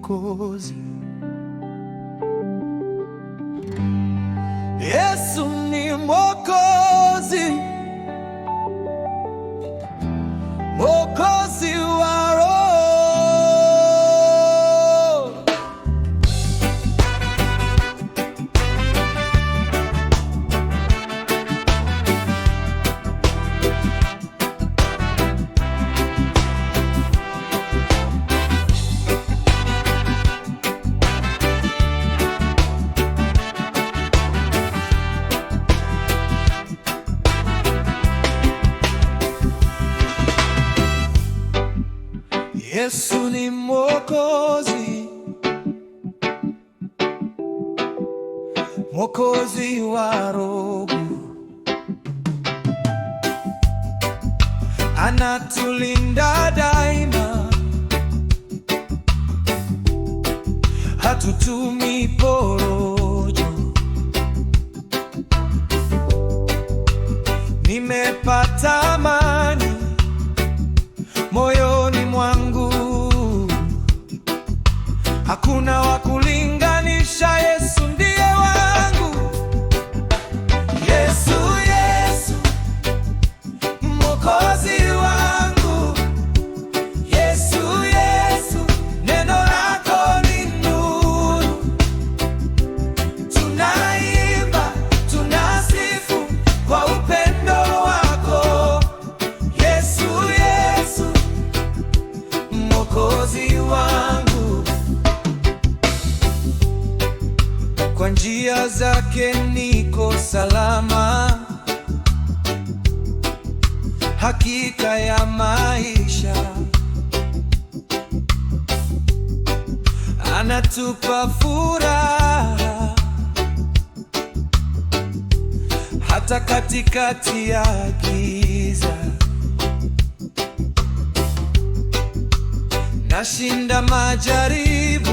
glucose Yesu ni Mwokozi, Mwokozi wa roho, anatulinda daima, hatutumi hakuna wakulinganisha Yesu. kwa njia zake niko salama, hakika ya maisha anatupa furaha hata katikati ya giza, nashinda majaribu